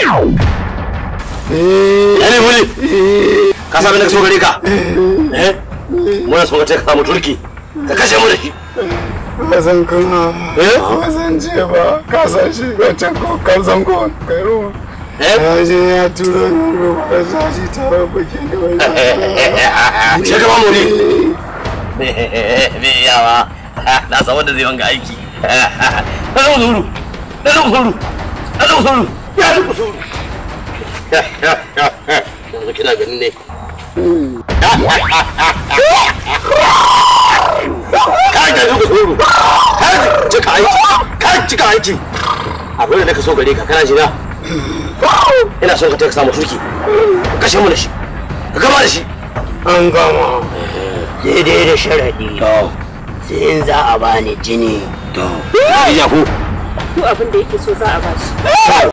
Yana wuli! Ka sami na kaso gare ka? Eh? Muna so ka ce ka samu turki. Ka kashe mu da shi. Ba san kuma. Eh? Ba san ce ba. Ka san shi ba can ko kan san ko kai ruwa. Eh? Ya je ya turo ni ruwa ka sa shi tare baki da wani. Ce ka ba mu ne. Me yawa. Na san wanda zai wanga aiki. Na zo zuru. Na zo zuru. Na zo zuru. ya ji kusuru yanzu kina ganin ne ka ga ji kusuru ka cika aiki ka cika aiki abin da nake so gare ka kana jira ina son ka ta samu turki kashe mu da shi ka gama da shi an gama eh. sai dai da sharaɗi sai in za a bani jini to ya ko duk abin da yake so za a bashi